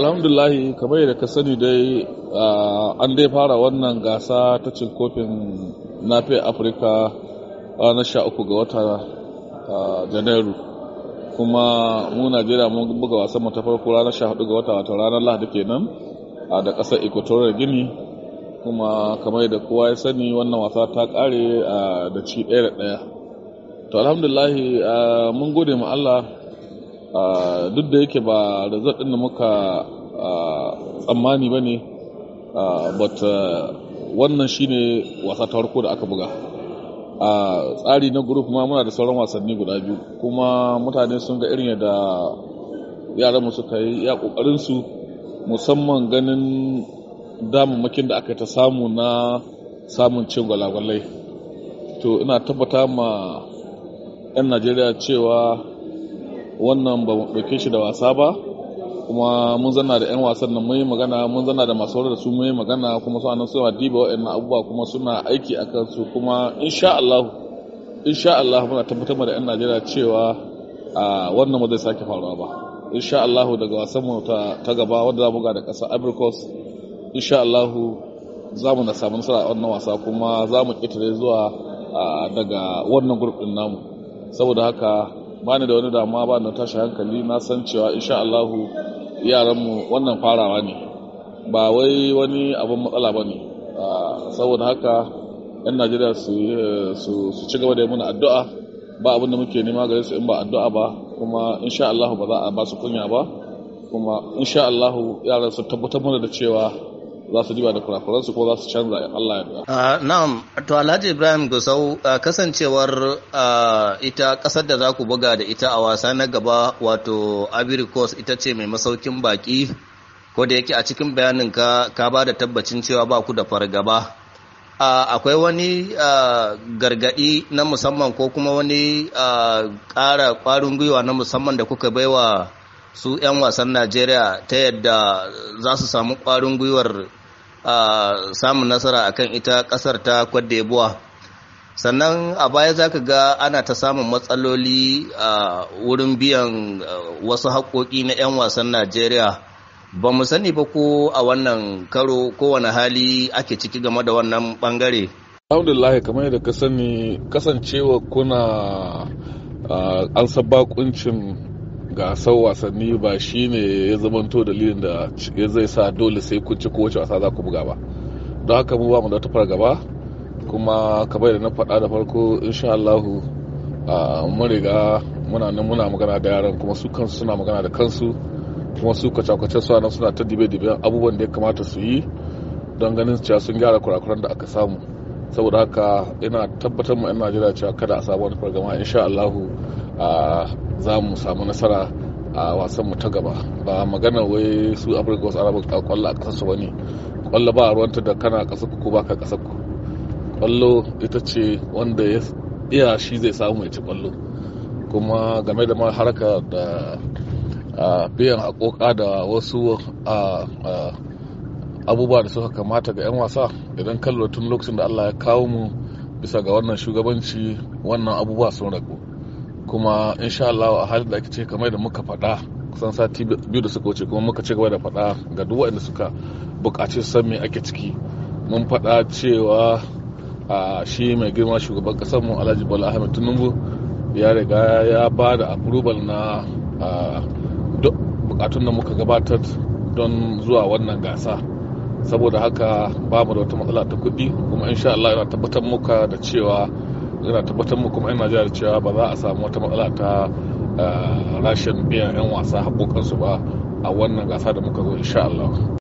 alhamdulahi kamar yadda ka sani dai an dai fara wannan gasa ta cin kofin nafi afirka ranar sha uku ga wata janairu kuma mu najeriya mun buga wasan mu ta farko ranar sha hudu ga wata wata, ranar lahadi kenan da ƙasar equatorial gini kuma kamar yadda kowa ya sani wannan wasa ta kare da ci ɗaya da ɗaya to alhamdulahi mun gode ma allah duk da yake ba da zaɗin da muka tsammani ba ne but wannan shine wasa ta farko da aka buga a tsari na group ma muna da sauran wasanni guda biyu kuma mutane sun ga irin yadda yaran mu suka yi ya kokarin su musamman ganin damammakin da aka ta samu na samun cin gwalagwalai to ina tabbata ma 'yan najeriya cewa wannan ba mu ɗauke shi da wasa ba kuma mun zanna da 'yan wasan nan mai magana mun zanna da masu da su mai magana kuma suna anan suna diba waɗannan abubuwa kuma suna aiki a kansu kuma insha Allah insha Allah muna tabbatar da 'yan Najeriya cewa a wannan ba zai sake faruwa ba insha Allah daga wasan mu ta gaba wanda za mu ga da ƙasa Ivory Coast insha Allah za mu na samu nasara a wannan wasa kuma za mu ƙetare zuwa daga wannan gurbin namu saboda haka Bani da wani damuwa ba na tashi hankali na san cewa insha Allahu yaranmu wannan farawa ne ba wai wani abin matsala ba ne saboda haka 'yan najeriya su ci gaba da muna addu'a ba abin da muke nema gare su in ba addu'a ba kuma insha Allahu ba za a ba su kunya ba kuma insha Allahu yaran su tabbatar mana da cewa za su diba da kurakuran ko za su canza Allah ya da. Ah, na'am, to Alhaji Ibrahim Gusau ah, kasancewar ah, ita kasar da za ku buga da ita a wasa na gaba wato Ivory Coast ita ce mai masaukin baki ko da yake a cikin bayanin ka ka ba da tabbacin cewa ba ku da fargaba. akwai wani gargadi na musamman ko kuma wani ƙara ƙwarin gwiwa na musamman da kuka baiwa su 'yan wasan najeriya ta yadda za su samu ƙwarin gwiwar A samun nasara akan ita kasar ta Cote sannan a baya za ka ga ana ta samun matsaloli a wurin biyan wasu haƙoƙi na 'yan wasan najeriya ba mu sani ba ko a wannan karo kowane hali ake ciki game da wannan bangare alhamdulillah kamar yadda ka sani kasancewa kuna an sabakuncin gasar wasanni ba shine ya zamanto dalilin da ya zai sa dole sai kun ci kowace wasa za ku buga ba don haka mu ba mu da ta fargaba kuma kamar da na faɗa da farko insha Allahu mun riga muna nan muna magana da yaran kuma su kansu suna magana da kansu kuma su kwace-kwace suna nan suna ta dibe-diben abubuwan da ya kamata su yi don ganin cewa sun gyara kurakuran da aka samu saboda haka ina tabbatar mu 'yan najeriya cewa kada a samu wani fargama insha Allahu za mu samu nasara a wasan mu ta gaba ba magana wai su afirka wasu arabin a kwallo a kasarsu ba ne kwallo ba ruwanta da kana kasar ku ba ka kasar ku kwallo ita ce wanda ya iya shi zai samu mai ci kwallo kuma game da ma haraka da biyan haƙoƙa da wasu abubuwa da suka kamata ga 'yan wasa idan kallo tun lokacin da allah ya kawo mu bisa ga wannan shugabanci wannan abubuwa sun ragu kuma insha Allah a halin da ake ce kamar da muka faɗa kusan sati biyu da suka wuce kuma muka ci gaba da faɗa ga duk waɗanda suka buƙaci san me ake ciki mun faɗa cewa a shi mai girma shugaban ƙasar mu Alhaji Bola Ahmed Tinubu ya riga ya ba da approval na duk buƙatun da muka gabatar don zuwa wannan gasa saboda haka ba mu da wata matsala ta kuɗi kuma insha Allah yana tabbatar muka da cewa yana tabbatar mu kuma ina jihar cewa ba za a samu wata matsala ta eh, rashin biyan 'yan wasa haƙoƙansu ba a wannan gasa da muka zo insha Allah.